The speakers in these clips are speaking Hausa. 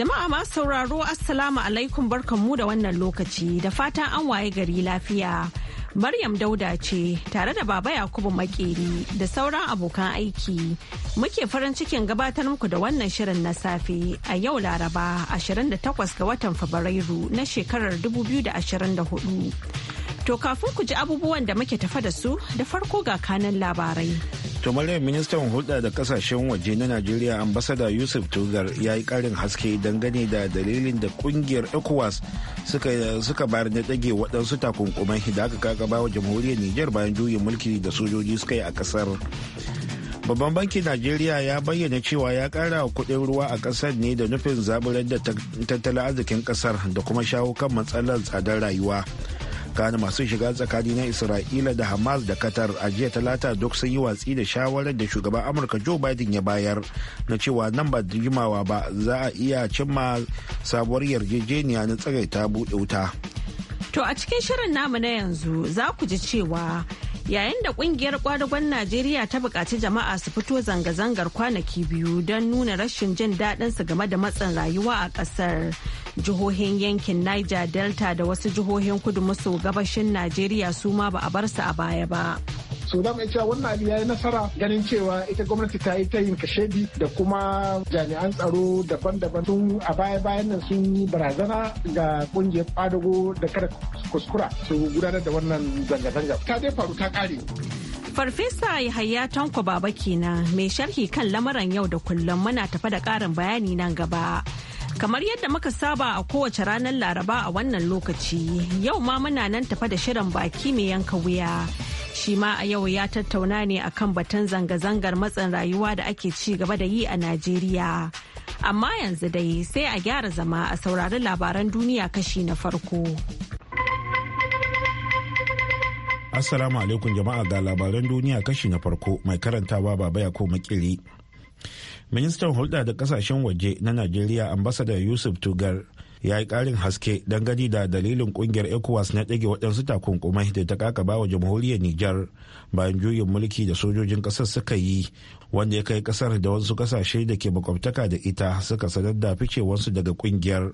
Jama'a masu sauraro Assalamu alaikum barkanmu da wannan lokaci da fatan an waye gari lafiya. Maryam Dauda ce tare da Baba Yakubu Makeri da sauran abokan aiki muke farin cikin gabatar muku da wannan shirin na safe a yau Laraba 28 ga watan Fabrairu na shekarar 2024. To kafin ku ji abubuwan da muke tafa da su da farko ga kanan labarai. To ministan hulɗa da kasashen waje na Najeriya ambasada Yusuf Tugar ya yi ƙarin haske dangane da dalilin da ƙungiyar ECOWAS suka suka bayar na dage waɗansu takunkuman da aka kakaba wa jamhuriyar Nijar bayan juyin mulki da sojoji suka yi a ƙasar. Babban bankin Najeriya ya bayyana cewa ya ƙara kuɗin ruwa a ƙasar ne da nufin zaburar da tattalin arzikin ƙasar da kuma shawo kan matsalar tsadar rayuwa. tsakanin masu shiga tsakani na isra'ila da hamas da qatar a jiya talata duk sun yi watsi da shawarar da shugaban amurka joe biden ya bayar na cewa nan ba jimawa ba za a iya cimma sabuwar yarjejeniya na tsagaita buɗe wuta to a cikin shirin namu na yanzu za ku ji cewa yayin da kungiyar kwadagon najeriya ta bukaci jama'a su fito zanga-zangar kwanaki biyu don nuna rashin jin daɗinsu game da matsin rayuwa a ƙasar jihohin yankin niger delta da wasu jihohin kudu maso gabashin najeriya su ma ba a bar su a baya ba. su zama mai cewa wannan abu yi nasara ganin cewa ita gwamnati ta yi ta yin kashedi da kuma jami'an tsaro daban-daban sun a baya-bayan nan sun yi barazana ga kungiyar kwadago da kada kuskura su gudanar da wannan zanga-zanga ta dai faru ta kare Farfesa Yahaya Tanko Baba kenan mai sharhi kan lamarin yau da kullum muna tafa da karin bayani nan gaba. Kamar yadda muka saba a kowace ranar Laraba a wannan lokaci, yau ma muna nan tafa da shirin baki mai yanka wuya. shi ma a yau ya tattauna ne akan batun zanga-zangar matsin rayuwa da ake ci gaba da yi a Najeriya. Amma yanzu dai sai a gyara zama a saurari labaran duniya kashi na farko. Assalamu alaikum jama'a ga labaran duniya kashi na farko mai karantawa baba ya ko makili. Ministan hulɗa da ƙasashen waje na Najeriya ambasada Yusuf Tugar ya yi karin haske dangane da dalilin kungiyar ecowas na ɗage waɗansu takunkumai da ta kakaba wa jamhuriyar niger bayan juyin mulki da sojojin ƙasar suka yi wanda ya kai ƙasar da wasu ƙasashe da ke makwabtaka da ita suka sanar da ficewarsu daga kungiyar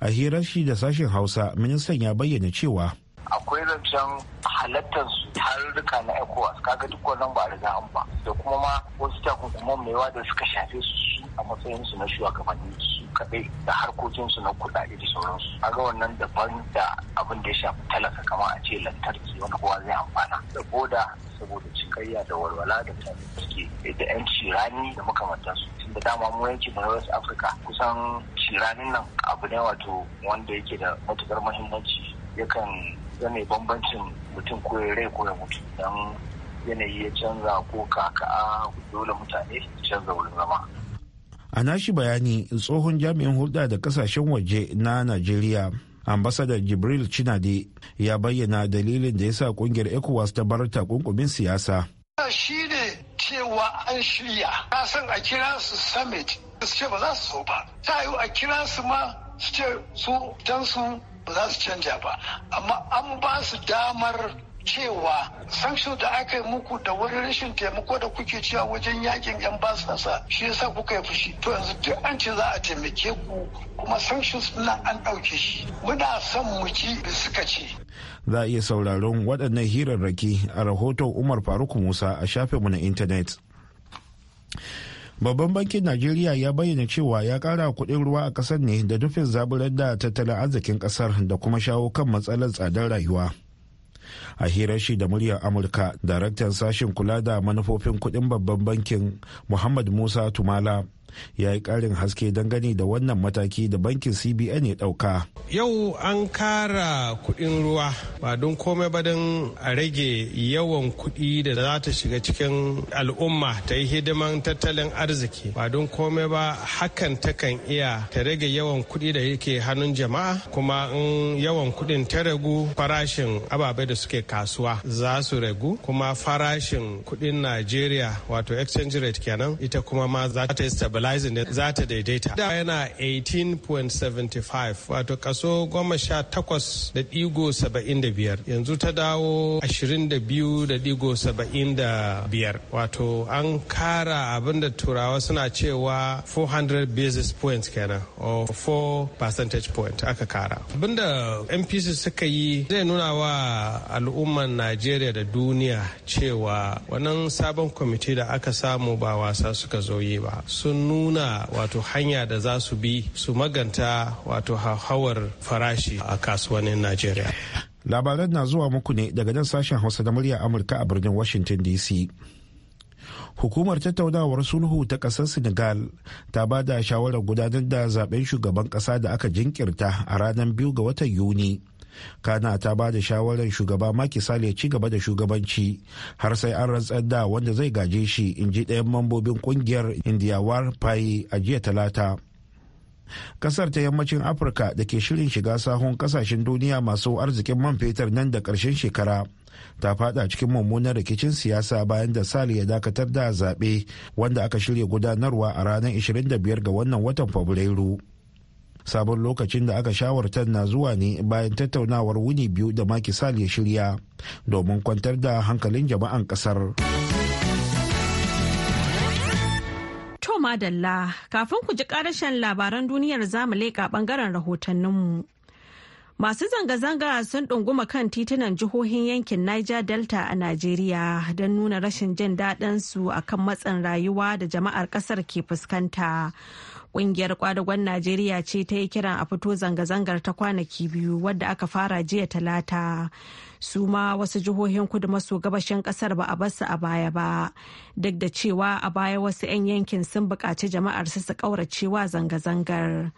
a hirar shi da sashen hausa ministan ya bayyana cewa akwai rancen halattar su tarurruka na ecowas kaga duk wannan ba riga an ba da kuma ma wasu takunkuman mai yawa da suka shafe su a matsayinsu na shugabanni kaɗe da harkokinsu na kuɗaɗe da sauransu a ga wannan daban da abin da ya shafi talaka kamar a ce lantarki wani kowa zai amfana da boda saboda cikayya da walwala da mutane suke da yan cirani da makamantansu da dama mu yanki na west africa kusan ciranin nan abu ne wato wanda yake da matukar muhimmanci yakan zane bambancin mutum ko ya rai ko ya mutu don yanayi ya canza ko kaka, dole mutane canza wurin zama a nashi bayani tsohon jami'in hulɗa da kasashen waje na najeriya ambasada jibril chinade ya bayyana dalilin da ya sa kungiyar ecowas ta bar takunkumin siyasa shi ne cewa an shirya na a kira su summit su ce ba za su so ba ta yi a kira su ma su ce su su ba za su canja ba amma an ba su damar cewa sanction da aka yi muku da wani rashin taimako da kuke cewa wajen yakin yan basasa shi yasa kuka yi fushi to yanzu duk an ce za a taimake ku kuma sanctions na an ɗauke shi muna son mu ci da suka ce za a iya sauraron waɗannan hirarraki a rahoton umar faruk musa a shafinmu na intanet babban bankin najeriya ya bayyana cewa ya kara kuɗin ruwa a ƙasar ne da nufin zaburar da tattalin arzikin ƙasar da kuma shawo kan matsalar tsadar rayuwa a hirar shi da muryar amurka daraktan sashen kula da manufofin kudin babban bankin muhammad musa tumala ya yi karin haske gani da wannan mataki da bankin cbn ya dauka. yau an kara kudin ruwa ba don komai ba don a rage yawan kudi da za ta shiga cikin al'umma ta yi hidiman tattalin arziki ba don komai ba hakan kan iya ta rage yawan kudi da yake hannun jama'a kuma in yawan kudin ta ragu farashin ababai da suke kasuwa za su ragu kuma farashin kudin najeriya wato exchange rate kenan ita kuma ma za ta yi stabilizing da za ta daidaita da yana 18.75 wato kaso goma sha takwas da digo saba'in da biyar yanzu ta dawo ashirin da biyu da digo saba'in da biyar wato an kara abin da turawa suna cewa 400 basis points kenan or 4 percentage point aka kara abin da mpc suka yi zai nuna wa al'umman najeriya da duniya cewa wannan sabon kwamiti da aka samu ba wasa suka zo yi ba sun nuna wato hanya da za su bi su maganta wato hauhawar farashi a kasuwanin najeriya labaran na zuwa muku ne daga nan sashen hausa na murya amurka a birnin washington dc hukumar tattaunawar sulhu ta kasar senegal ta ba da shawarar gudanar da zaben shugaban kasa da aka jinkirta a ranar biyu ga watan yuni kana ta ba da shawarar shugaba maki Sall ya ci gaba da shugabanci har sai an rantsar da wanda zai gaje shi in ji ɗayan mambobin kungiyar Indiyawar fayi a jiya talata. Kasar ta yammacin Afirka da ke shirin shiga sahun kasashen duniya masu arzikin man fetur nan da ƙarshen shekara ta fada cikin mummunan rikicin siyasa bayan da sali ya dakatar da zaɓe wanda aka shirya gudanarwa a ranar 25 ga wannan watan Fabrairu. sabon lokacin da aka shawartar na zuwa ne bayan tattaunawar wuni biyu da makisal ya shirya domin kwantar da hankalin jama'an kasar to madalla kafin ku ji karashen labaran duniyar zamu leƙa bangaren rahotanninmu Masu zanga-zanga sun ɗunguma kan titunan jihohin yankin Niger Delta a Najeriya don nuna rashin jin daɗin su akan matsin rayuwa da jama'ar ƙasar ke fuskanta. Kungiyar kwadagon Najeriya ce ta yi kiran a fito zanga-zangar ta kwanaki biyu wadda aka fara jiya talata. Su ma wasu jihohin kudu maso gabashin kasar ba a basu a baya ba. Duk da cewa a baya wasu 'yan yankin sun buƙaci jama'ar su su kauracewa zanga-zangar.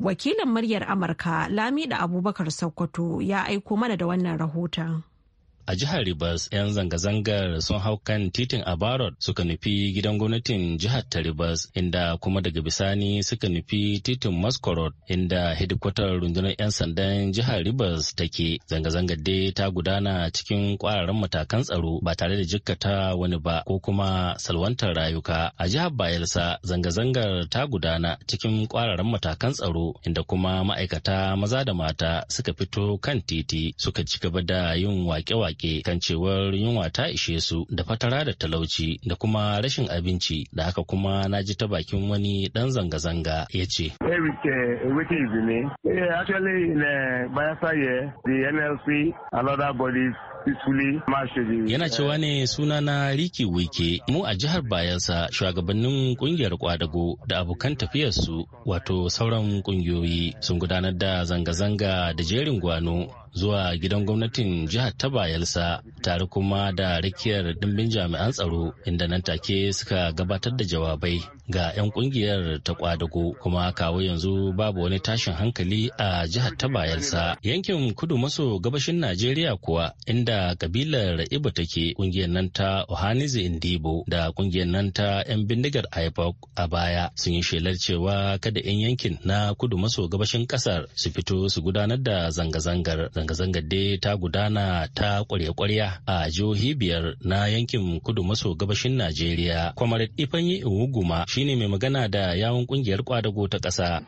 Wakilin muryar Amurka Lami da Abubakar Sokoto ya aiko mana da wannan rahoton. a jihar Ribas 'yan zanga-zangar sun hau kan titin Abarot suka nufi gidan gwamnatin jihar ta Ribas inda kuma daga bisani suka nufi titin Maskorod inda hedikwatar rundunar 'yan sandan jihar Ribas take. Zanga-zangar dai ta gudana cikin kwararan matakan tsaro ba tare da jikkata wani ba ko kuma salwantar rayuka. A jihar Bayelsa zanga-zangar ta gudana cikin kwararan matakan tsaro inda kuma ma'aikata maza da mata suka fito kan titi suka ci gaba da yin waƙe-waƙe. koke kan cewar yunwa ta ishe su da fatara da talauci da kuma rashin abinci da haka kuma na ji ta bakin wani dan zanga-zanga ya ce. Yana cewa ne suna na Riki Wike mu a jihar Bayelsa shugabannin kungiyar kwadago da abokan tafiyarsu wato sauran kungiyoyi sun gudanar da zanga-zanga da jerin gwano zuwa gidan gwamnatin jihar ta bayelsa tare kuma da rikiyar dimbin jami'an tsaro inda nan take suka gabatar da jawabai ga 'yan kungiyar ta kwadago kuma kawo yanzu babu wani tashin hankali a jihar ta bayelsa yankin kudu maso gabashin najeriya kuwa inda kabilar ibo take kungiyar nan ta ohanizi indibo da kungiyar nan ta 'yan bindigar ipoc a baya sun yi shelar cewa kada 'yan yankin na kudu maso gabashin kasar su fito su gudanar da zanga-zangar Zanga-zangar dai ta gudana ta kwarya-kwarya a jihohi biyar na yankin kudu maso gabashin Najeriya. Kwamar Ifanyi shi shine mai magana da yawon kungiyar kwadago ta ƙasa.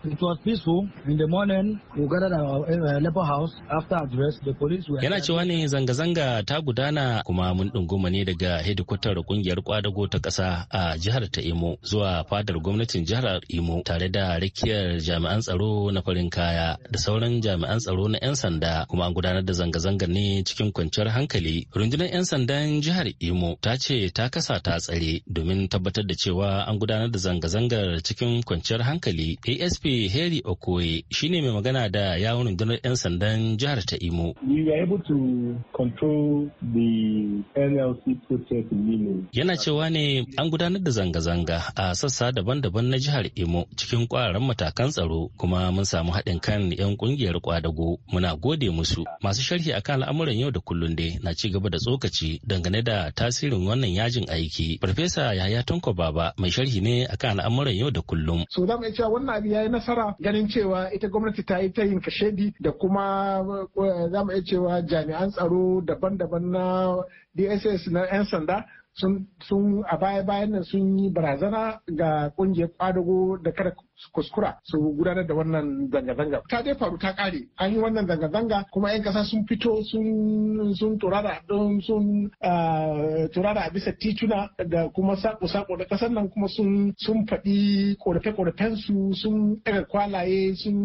Yana cewa ne zanga-zanga ta gudana kuma mun ɗunguma ne daga hedikwatar kungiyar kwadago ta ƙasa a jihar ta Imo zuwa fadar gwamnatin jihar Imo tare da rakiyar jami'an tsaro na farin kaya da sauran jami'an tsaro na 'yan sanda kuma kuma an gudanar da zanga-zangar ne cikin kwanciyar hankali rundunar 'yan sandan jihar imo ta ce ta kasa ta tsare domin tabbatar da cewa an gudanar da zanga-zangar cikin kwanciyar hankali asp harry okoye shine mai magana da yawon rundunar 'yan sandan jihar ta imo yana cewa ne an gudanar da zanga-zanga a sassa daban-daban na jihar imo cikin kwararan matakan tsaro kuma mun samu haɗin kan 'yan ƙungiyar kwadago muna gode musu su masu sharhi akan al'amuran yau da kullun dai na ci gaba da tsokaci dangane da tasirin wannan yajin aiki farfesa yahaya tanko baba mai sharhi ne akan al'amuran yau da kullum so da mai cewa wannan abu yayi nasara ganin cewa ita gwamnati ta yi ta yin kashedi da kuma eh, za mu iya cewa jami'an tsaro daban-daban na dss na 'yan sanda sun a baya-bayan nan sun yi barazana ga kungiyar kwadago da kada kuskura su gudanar da wannan zanga-zanga ta dai faru ta kare an yi wannan zanga-zanga kuma 'yan kasa sun fito sun ah, turara a bisa tituna da kuma sako-sako da kasar nan kuma sun sun faɗi korafe-korafen su sun ɗaga kwalaye sun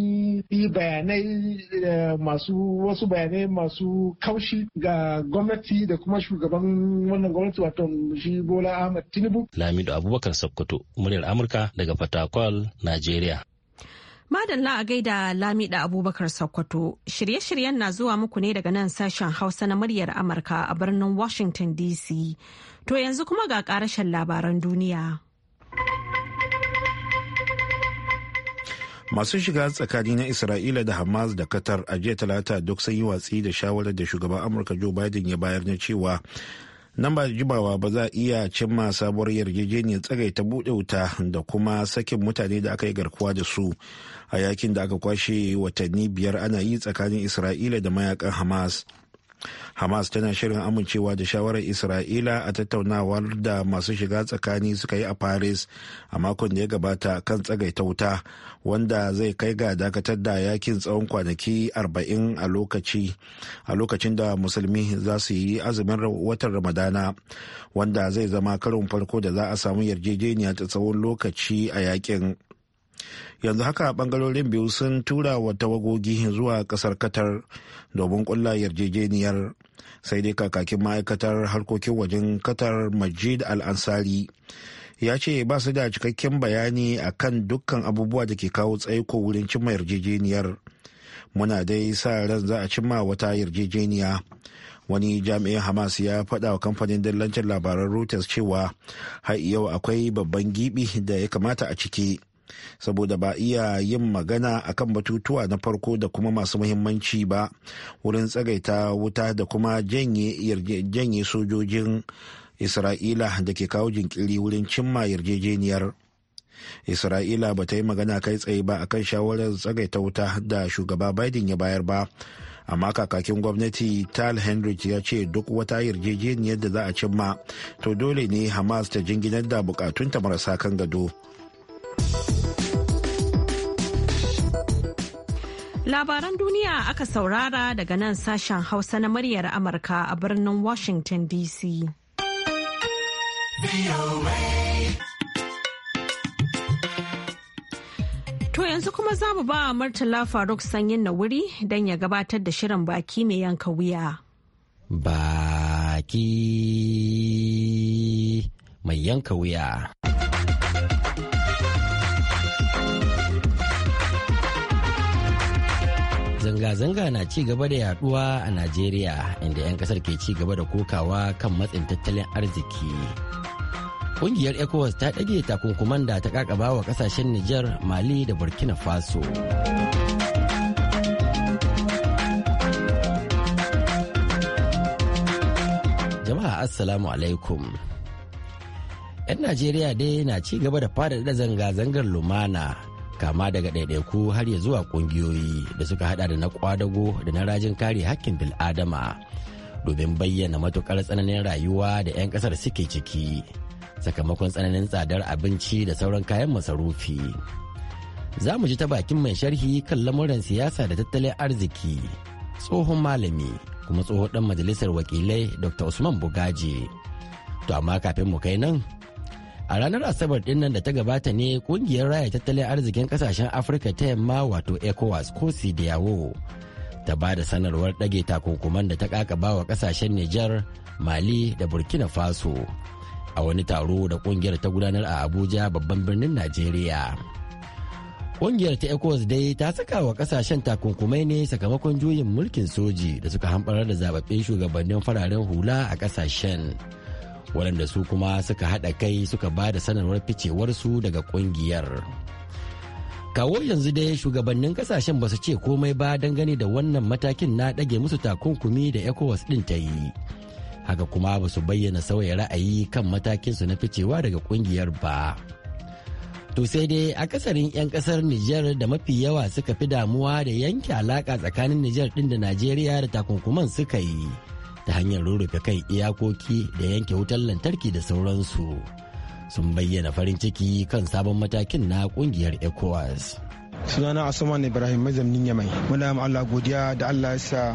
yi bayanai eh, masu wasu bayanai masu kaushi ga gwamnati da kuma shugaban wannan gwamnati wato shi Bola Ahmad Tinubu. Lamido Abubakar Sokoto, muryar Amurka daga Fatakwal, Najeriya. Najeriya. Madalla a gaida Lamida Abubakar Sokoto, shirye-shiryen na zuwa muku ne daga nan sashen Hausa na muryar Amurka a birnin Washington DC. To yanzu kuma ga karashen labaran duniya. Masu shiga tsakani na Isra'ila da Hamas da Qatar a jiya talata duk sun yi watsi da shawarar da shugaban Amurka Joe Biden ya bayar na cewa nan ba jimawa ba za a iya cimma sabuwar yarjejeniyar tsagaita buɗe wuta da kuma sakin mutane da aka yi garkuwa da su a yakin da aka kwashe watanni biyar ana yi tsakanin isra'ila da mayakan hamas hamas tana shirin amincewa da shawarar isra'ila a tattaunawar da masu shiga tsakani suka yi a paris a makon da ya gabata kan tsagaita wuta wanda zai kai ga dakatar da yakin tsawon kwanaki 40 a lokacin da musulmi za su yi azumin watan ramadana wanda zai zama karin farko da za a samu yarjejeniya ta tsawon lokaci a yakin yanzu haka bangarorin biyu sun tura wa tawagogi zuwa kasar katar domin kulla yarjejeniyar sai dai kakakin ma'aikatar harkokin wajen katar majid al-ansari ya ce ba su da cikakken bayani a kan dukkan abubuwa da ke kawo tsaiko wurin cimma yarjejeniyar muna dai sa ran za a cimma wata yarjejeniya wani jami'in hamas ya faɗa wa kamfanin dillancin labaran reuters cewa har yau akwai babban gibi da ya kamata a ciki saboda ba iya yin magana akan batutuwa na farko da kuma masu muhimmanci ba wurin tsagaita wuta da kuma janye sojojin isra'ila da ke kawo jinkiri wurin cimma yarjejeniyar isra'ila ba ta yi magana kai tsaye ba akan shawarar tsagaita wuta da shugaba biden ya bayar ba amma kakakin gwamnati tal henry ya ce duk wata yarjejeniyar da za a cimma to dole ne hamas ta jinginar da bukatunta marasa kan gado Labaran duniya aka saurara daga nan sashen Hausa na muryar Amurka a birnin Washington DC. To yanzu kuma za mu ba Murtala Faruk sanyin na wuri don ya gabatar da shirin baki mai yanka wuya. Baki mai yanka wuya. Zanga-zanga na ci gaba da yaduwa a Najeriya inda 'yan kasar ke ci gaba da kokawa kan matsin tattalin arziki. Kungiyar ECOWAS ta ɗage takunkuman da ta kakaba wa kasashen Nijar, Mali da Burkina Faso. Jama'a Assalamu alaikum. 'Yan Najeriya dai na ci gaba da fadada zanga-zangar lumana kama daga ɗaiɗaiku har ya zuwa ƙungiyoyi da suka hada da na kwadago da na rajin kare hakkin bil'adama domin bayyana matuƙar tsananin rayuwa da 'yan ƙasar suke ciki sakamakon tsananin tsadar abinci da sauran kayan masarufi za mu ji ta bakin mai sharhi kan lamuran siyasa da tattalin arziki tsohon malami kuma tsohon dan majalisar wakilai dr usman bugaji to amma kafin mu kai nan a ranar asabar din da ta gabata ne kungiyar raya tattalin arzikin kasashen afirka ta yamma wato ecowas ko cdao ta ba da sanarwar ɗage takunkuman da ta kakaba wa kasashen niger mali da burkina faso a wani taro da kungiyar ta gudanar a abuja babban birnin najeriya Ƙungiyar ta ECOWAS dai ta saka wa kasashen takunkumai ne sakamakon juyin mulkin soji da suka hambarar da zababbin shugabannin fararen hula a kasashen. waɗanda su kuma suka haɗa kai suka ba da sanarwar su daga ƙungiyar. kawo yanzu dai shugabannin kasashen ba su ce komai ba dangane da wannan matakin na ɗage musu takunkumi da ecowas ɗin ta yi haka kuma ba su bayyana sauya ra'ayi kan matakin su na ficewa daga ƙungiyar ba to sai dai akasarin 'yan ƙasar Nijar da mafi yawa suka fi damuwa da yanke alaƙa tsakanin Nijar ɗin da najeriya da takunkuman suka yi ta hanyar rurrufe kai iyakoki da yanke wutar lantarki da sauransu sun bayyana farin ciki kan sabon matakin na kungiyar ecowas sunana asuman ibrahim mazamnin yamai muna ma allah godiya da allah ya sa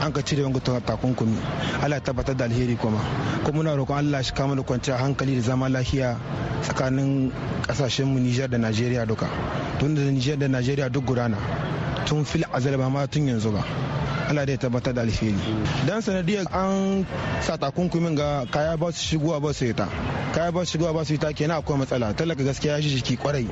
an ka cire ta takunkumi allah tabbatar da alheri kuma kuma muna roƙon allah shi kama da kwanciya hankali da zama lafiya tsakanin ƙasashen mu nijar da najeriya duka tun da nijar da najeriya duk gudana tun fil a ma tun yanzu ba Allah da ya tabbatar da alheri dan sanadiyar an sa takunkumin ga kaya ba su shigowa ba su yi kaya ba su shigowa ba su yi ta kenan akwai matsala talaka gaskiya ya shi jiki kwarai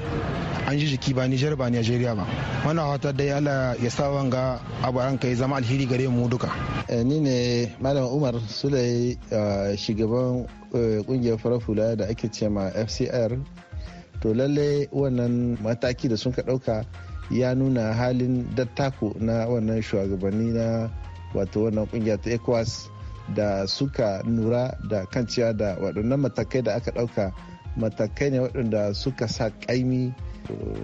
an ji jiki ba Nijar ba Najeriya ba muna fata dai Allah ya sa wanga abu ranka ya zama alheri gare mu duka eh, ni ne malam Umar Sulai eh, shugaban eh, kungiyar farar da ake ce ma FCR to lalle wannan mataki da sun ka dauka ya nuna halin dattako na wannan shugabanni na wato wannan kungiya ta ecowas da suka nura da kanciya da waɗannan matakai da aka ɗauka matakai ne waɗanda suka sa ƙaimi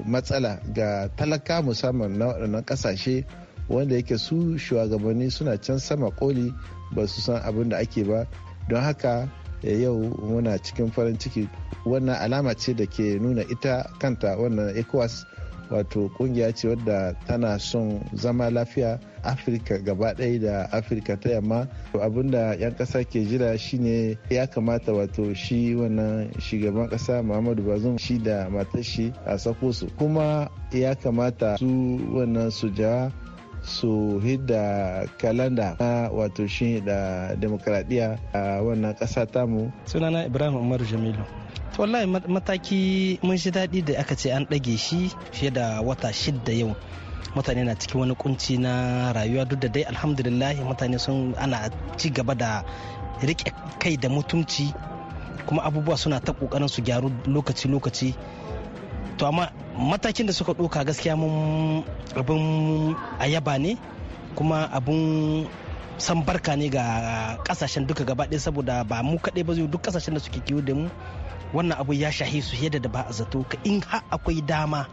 matsala ga talaka musamman na waɗannan ƙasashe wanda yake su shugabanni suna can sama koli ba su san abin da ake ba don haka eh, yau muna cikin farin ciki wannan alama ce da ke nuna ita kanta wannan ecowas wato kungiya ce wadda tana son zama lafiya afirka gaba ɗaya da afirka ta yamma abinda 'yan ƙasa ke jira shine ya kamata wato shi wannan shugaban ƙasa muhammadu bazum shi da matar shi a sako su kuma ya kamata su wannan sujawa su hidda kalanda na wato shi da demokradiyya a wannan ƙasa tamu sunana ibrahim umar jamilu wallahi mataki mun shi daɗi da aka ce an ɗage shi fiye da wata shidda yau mutane na cikin wani kunci na rayuwa duk da dai alhamdulillah mutane sun ana ci gaba da rike kai da mutunci kuma abubuwa suna ta ƙoƙarin su gyaru lokaci-lokaci to amma matakin da suka ɗauka gaskiya mun abin ayaba ne kuma abin san barka ne ga kasashen duka gaba ɗaya saboda ba mu kaɗai ba duk kasashen da suke kiwo da mu wannan abu ya shahi su yadda da ba a zato ka in ha akwai dama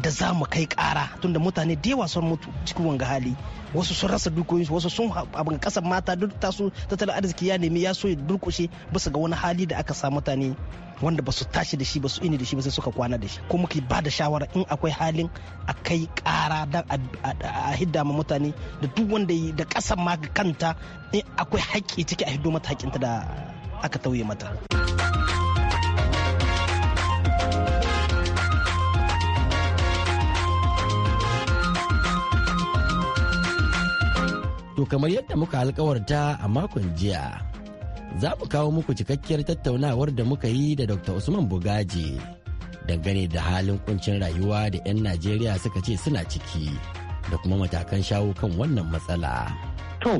da za mu kai kara tunda mutane da yawa sun mutu cikin wanga hali wasu sun rasa dukoyinsu wasu sun abin kasar mata duk tasu tattalin arziki ya nemi ya so ya durkushe bisa ga wani hali da aka sa mutane wanda ba su tashi da shi ba su ini da shi ba sai suka kwana da shi ko muke ba da shawara in akwai halin a kai kara da a hidda ma mutane da duk wanda da kasar ma kanta in akwai haƙƙi ciki a hiddo mata haƙƙinta da aka tauye mata. To kamar yadda muka alkawarta a makon jiya, za mu kawo muku cikakkiyar tattaunawar da muka yi da Dr. Usman Bugaji dangane da halin kuncin rayuwa da 'yan Najeriya suka ce suna ciki da kuma matakan shawo kan wannan matsala. To,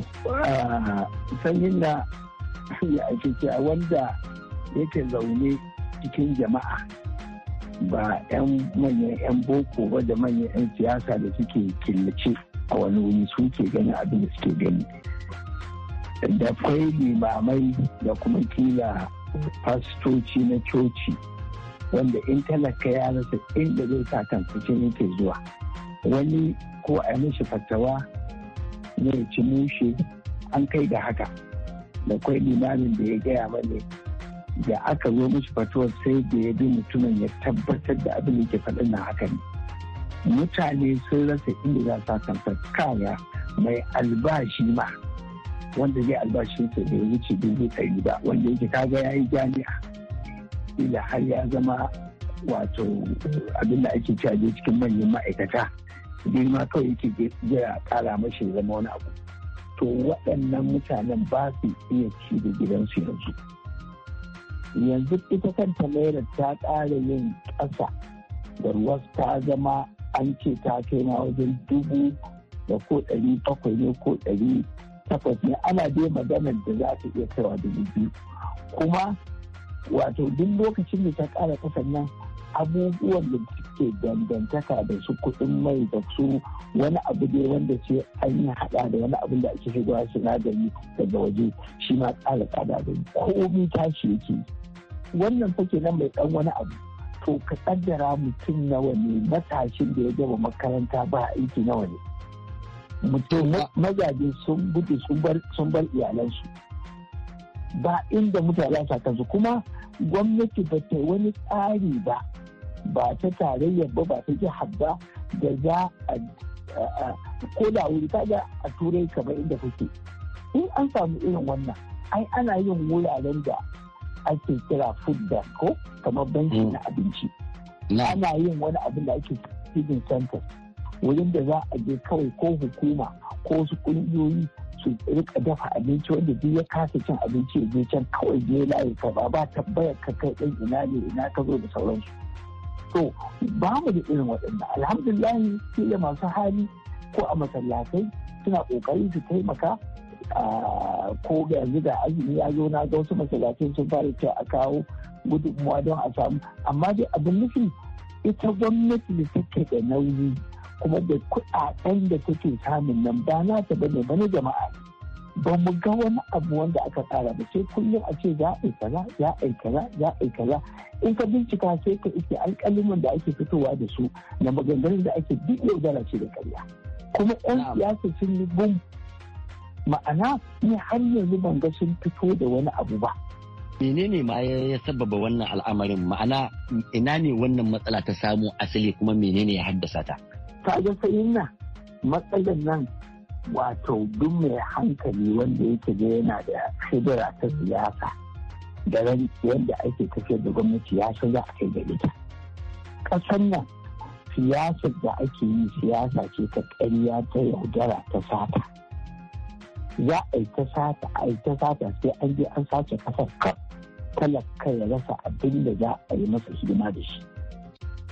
sanyin da ya ake cewa wanda yake zaune cikin jama'a ba 'yan manyan 'yan boko ba da manyan 'yan siyasa da suke killace. a wani wuri su ke gani abin da suke gani da kwai limamai da kuma kila fastoci na coci wanda in talaka ya rasa inda zai sa kansa yake zuwa wani ko a yi mashi fatawa ne ci mushe an kai da haka da kwai limamin da ya gaya mani da aka zo mashi fatuwar sai da ya bi mutumin ya tabbatar da abin da ke faɗin na haka ne mutane sun rasa inda za su kanta kaya mai albashi ma wanda zai albashi ta bai wuce dubu ɗari ba wanda yake kaga ya yi jami'a ila har ya zama wato abin da ake caje cikin manyan ma'aikata girma kawai yake jira kara mashi zama wani abu to waɗannan mutanen ba su iya ci da gidansu yanzu yanzu ita kanta naira ta ƙara yin ƙasa da ruwa ta zama an ce ta kai na wajen dubu da ko ɗari bakwai ne ko ɗari takwas ne ana dai maganar da za ta iya kaiwa dubu biyu kuma wato duk lokacin da ta ƙara ƙasar nan abubuwan da suke dangantaka da su kuɗin mai da su wani abu dai wanda ce an yi haɗa da wani abu da ake shigowa sinadari daga waje shi ma ƙara tsada da komi tashi yake wannan fake nan mai ɗan wani abu to ka kaddara mutum nawa ne matashin da ya gaba makaranta ba aiki nawa ne mutum mazaje sun gudu sun bar iyalansu ba inda mutane sa kansu kuma gwamnati ba ta wani tsari ba ba ta tarayyar ba ba ta ji ba da za a da wuri kaga a turai kamar inda kuke in an samu irin wannan ai ana yin wuraren da ake kira food ko kamar banki hmm. na abinci ana yin wani abin da ake feeding center wurin da za a je kawai ko hukuma ko su kungiyoyi su rika dafa abinci wanda duk ya kasa cin abinci ya je can kawai je layi ka ba ba tabbayar ka kai ɗan ina ne ina ka zo da sauransu to ba mu da irin waɗannan alhamdulillah kila masu hali ko a masallatai suna ƙoƙari su taimaka ko ga da azumi ya zo na ga wasu masallacin sun fara cewa a kawo gudunmuwa don a samu amma dai abin nufi ita gwamnati da take da nauyi kuma da kuɗaɗen da take samun nan ba na ta bane bane jama'a ba mu ga wani abu wanda aka tsara ba sai kullum a ce za a kaza za a kaza za a kaza in ka bincika sai ka iske alƙaliman da ake fitowa da su na maganganun da ake duk yaudara ce da karya. kuma 'yan siyasa sun yi bum ma'ana ni har yanzu ban ga sun fito da wani abu ba menene ma ya sababa wannan al'amarin ma'ana ina ne wannan matsala ta samu asali kuma menene ya haddasa ta ta ga fahimna matsalar nan wato duk mai hankali wanda yake ga yana da shidara ta siyasa da yadda ake tafiyar da gwamnati ya san za a kai da ita Kasan nan siyasar da ake yi siyasa ce ta ƙarya ta yaudara ta sata za a sata sata sai an je an sace kasar kalar talaka ya rasa abin da za a yi masa hidima da shi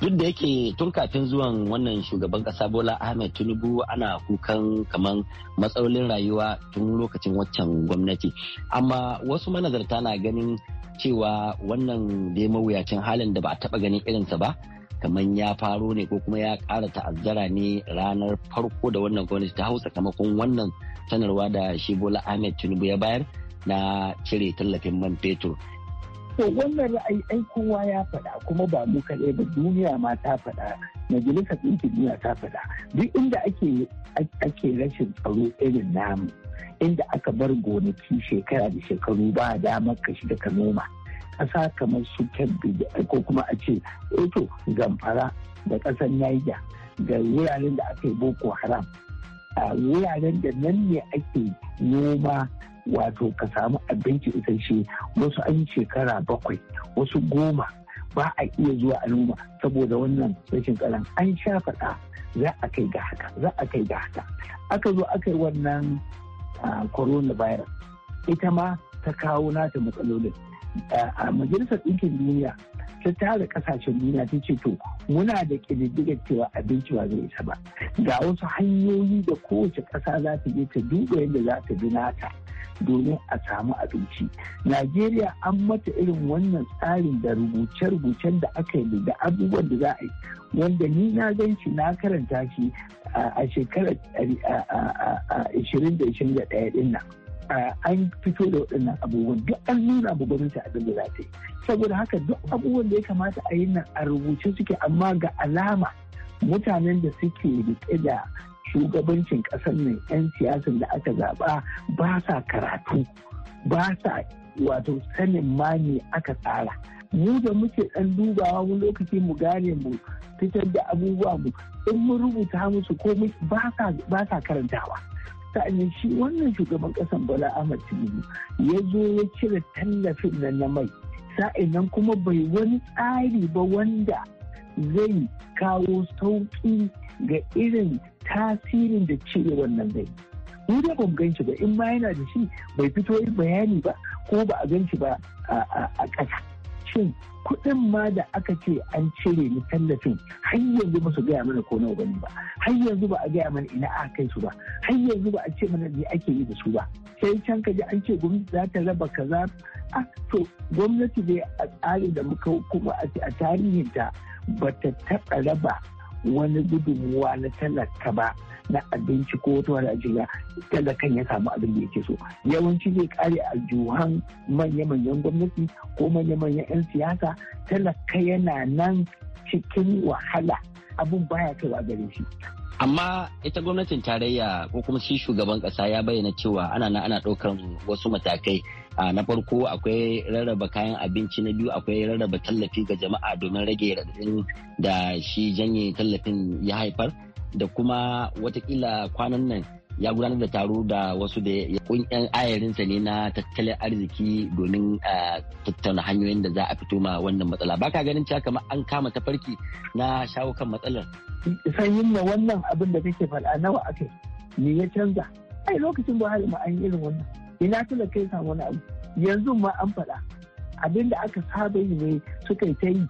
duk da yake tun kafin zuwan wannan shugaban kasa bola ahmed tinubu ana kukan kamar matsalolin rayuwa tun lokacin waccan gwamnati amma wasu manazarta na ganin cewa wannan dai mawuyacin halin da ba a taba ganin irinsa ba kamar ya faro ne ko kuma ya ƙara ta'azzara ne ranar farko da wannan gwamnati ta hau sakamakon wannan sanarwa da shi Bola Ahmed Tinubu ya bayar na cire tallafin man fetur. To wannan ra'ayi ai kowa ya faɗa kuma ba mu kaɗai ba duniya ma ta faɗa majalisar ɗinkin duniya ta faɗa duk inda ake rashin tsaro irin namu inda aka bar gonaki shekara da shekaru ba a damar ka shiga ka noma. ƙasa kamar su kebbi ko kuma a ce eto eh zamfara da ƙasar niger da wuraren da aka yi boko haram a wuraren da nan ne ake noma wato ka samu abinci isasshe wasu an shekara bakwai wasu goma ba a iya zuwa a noma saboda wannan rashin tsaron an shafaɗa za a kai ga haka za a kai ga haka aka zo aka yi wannan coronavirus ita ma ta kawo nata matsalolin a majalisar ɗinkin duniya ta tara kasashen duniya ta ce to muna da ƙididdigar cewa abinci ba zai isa ba ga wasu hanyoyi da kowace ƙasa za ta je ta duba yadda za ta bi nata domin a samu abinci najeriya an mata irin wannan tsarin da rubuce-rubucen da aka yi da abubuwan da za a yi wanda ni na gan shi na karanta shi a shekarar 2021 din nan an fito da waɗannan abubuwan duk an nuna abu gwamnati abin da za yi saboda haka duk abubuwan da ya kamata a yi nan a rubuce suke amma ga alama mutanen da suke riƙe da shugabancin ƙasar mai 'yan siyasar da aka zaɓa ba sa karatu ba sa wato sanin ma ne aka tsara mu da muke ɗan dubawa mu lokaci mu gane mu fitar da abubuwa mu in mun rubuta musu ko ba sa karantawa sa'anin shi wannan shugaban kasan bala ahmad tinubu ya zo ya cire tallafin nan na mai sa'anin kuma bai wani tsari ba wanda zai kawo sauƙi ga irin tasirin da cire wannan zai ni da ban gan ba in ma yana da shi bai fito yin bayani ba ko ba a gan shi ba a ƙasa shin kuɗin ma da aka ce an cire ni tallafin har yanzu ba su gaya mana ko nawa bane ba har yanzu ba a gaya mana ina aka kai su ba har yanzu ba a ce mana me ake yi da su ba sai can ka ji an ce gwamnati za ta raba kaza a to gwamnati dai a tsari da muka kuma a tarihinta ba ta taɓa raba wani gudunmuwa na talaka ba na abinci ko wata wani ajiya talakan ya samu abin da yake so yawanci zai kare juhan manya-manyan gwamnati ko manya-manyan 'yan siyasa talaka yana nan cikin wahala abin baya kaiwa gare shi amma ita gwamnatin tarayya ko kuma shi shugaban kasa ya bayyana cewa ana na ana ɗaukar wasu matakai na farko akwai rarraba kayan abinci na biyu akwai rarraba tallafi ga jama'a domin rage raɗaɗin da shi janye tallafin ya haifar da kuma watakila kwanan nan ya gudanar da taro da wasu da ya. Ƙungiyar ayarinsa ne na tattalin arziki domin tattauna hanyoyin da za a fito ma wannan matsala baka ganin cewa kamar an kama tafarki na shawo kan matsalar sanyin na wannan abin da kake faɗa nawa akai me ya canza ai lokacin buhari ma an irin wannan ina tuna kai samu wani abu yanzu ma an faɗa abin da aka saba yi ne suka yi ta yi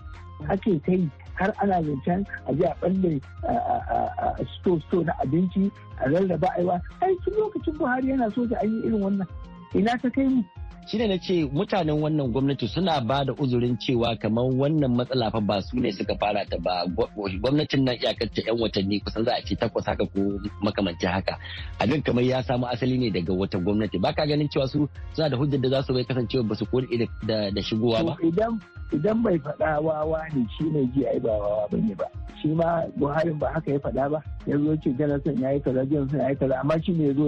ake ta yi har ana zancen a je a ɓalle a sito-sito na abinci a rarraba aiwa ai tun lokacin buhari yana so da an yi irin wannan ina ta kai mu shine na ce mutanen wannan gwamnati suna ba da uzurin cewa kamar wannan matsala fa ba su ne suka fara ta ba gwamnatin nan iyakarta yan watanni kusan za a ce takwas haka ko makamanci haka abin kamar ya samu asali ne daga wata gwamnati ba ka ganin cewa su suna da hujjar da za su bai kasancewa ba su kori da shigowa ba. idan idan bai faɗa wawa ne shi ne ji ai ba wawa ba ne ba shi ma buharin ba haka ya faɗa ba ya ce ce sun ya yi kaza sun ya yi kaza amma shi ne zo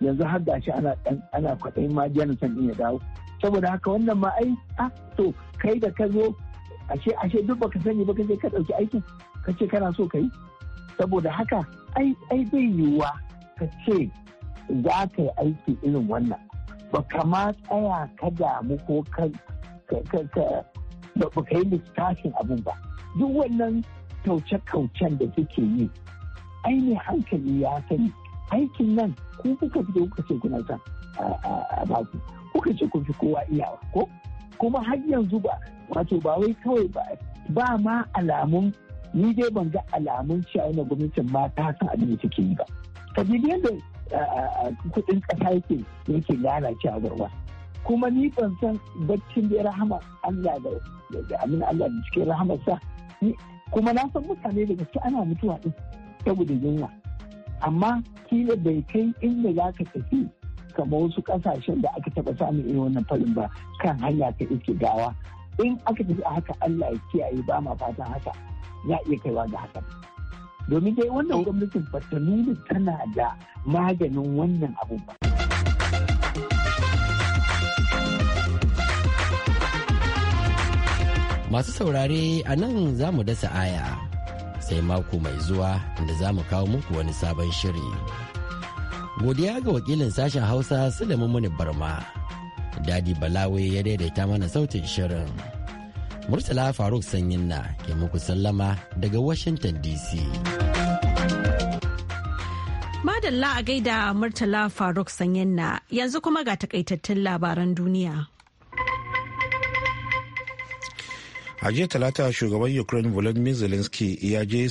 yanzu har gashi ana ana kwaɗayin ma Jonathan din ya dawo saboda haka wannan ma ai a ah, to kai da ka zo ashe ashe duk baka sani ba je ka dauki aikin Ka ce kana so kai saboda haka ai ai bai yiwuwa ka ce za ka yi aiki irin wannan ba kama tsaya ka damu ko ka ba ka yi littafin abin ba duk wannan kauce-kaucen da kike yi ai ne hankali ya sani aikin nan ku kuka fito kuka ce kuna a baku kuka ce kun fi kowa iyawa ko kuma har yanzu ba wato ba wai kawai ba ba ma alamun ni dai ban ga alamun cewa na gwamnatin ma ta san abin da take yi ba kaji yadda kudin kasa yake yake a gurba kuma ni ban san baccin da rahama Allah da amin Allah da cikin rahamarsa kuma na san mutane daga gaske ana mutuwa din saboda yunwa amma kila bai kai inda za ka tafi kamar wasu kasashen da aka taɓa samun irin wannan falin ba kan hanya ta iske gawa in aka tafi a haka Allah ya kiyaye ba ma fatan haka za iya kaiwa ga haka domin dai wannan gwamnatin ba ta nuna tana da maganin wannan abu ba. Masu saurare a nan za mu dasa aya sai mako mai zuwa da za mu kawo muku wani sabon shiri. Godiya ga wakilin sashen Hausa da Muni Barma. Dadi Balawe ya daidaita mana sautin shirin. Murtala Faruk Sanyinna ke muku sallama daga Washington DC. Madalla a gaida Murtala Faruk Sanyinna yanzu kuma ga takaitattun labaran duniya. a jiya talata shugaban ukraine volodymyr zelensky ya je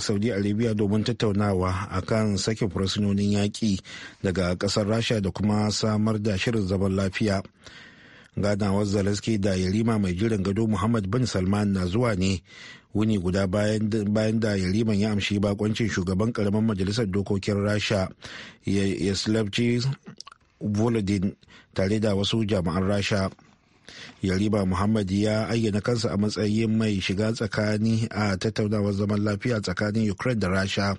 saudi arabia domin tattaunawa a kan sake fursunonin yaƙi daga ƙasar rasha da kuma samar da shirin zaman lafiya ganawar zelensky da yarima mai jiran gado muhammad bin salman na zuwa ne wuni guda bayan da yariman ya amshi bakoncin shugaban karamin majalisar dokokin rasha yaslavci volodin tare da wasu jami'an rasha yariba muhammad ya ayyana kansa a matsayin mai shiga tsakani a tattaunawar zaman lafiya tsakanin ukraine da rasha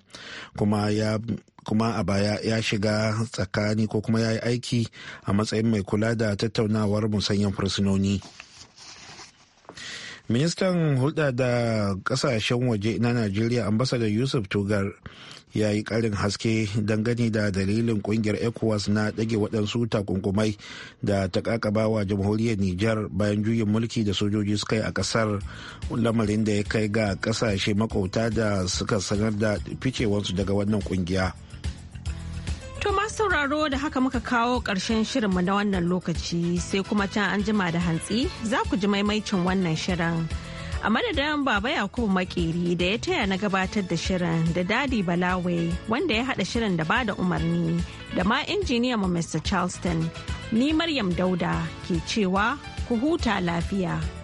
kuma ya kuma a baya ya shiga tsakani ko kuma ya yi aiki a matsayin mai kula da tattaunawar musanyen fursunoni ministan hulɗa da ƙasashen waje na najeriya da yusuf tugar ya yi karin haske dangane da dalilin kungiyar ecowas na dage waɗansu takunkumai da ta kakabawa jamhuriyar niger bayan juyin mulki da sojoji suka yi a ƙasar lamarin da ya kai ga ƙasashe makauta da suka sanar da ficewarsu daga wannan kungiya. To masu sauraro da haka muka kawo ƙarshen shirinmu na wannan lokaci sai kuma can an jima da hantsi za ku ji maimaicin wannan shirin. a madadin baba yakubu makeri da ya taya na gabatar da shirin da dadi balawe wanda ya hada shirin da bada umarni da ma injiniya mu mr charleston ni maryam dauda ke cewa ku huta lafiya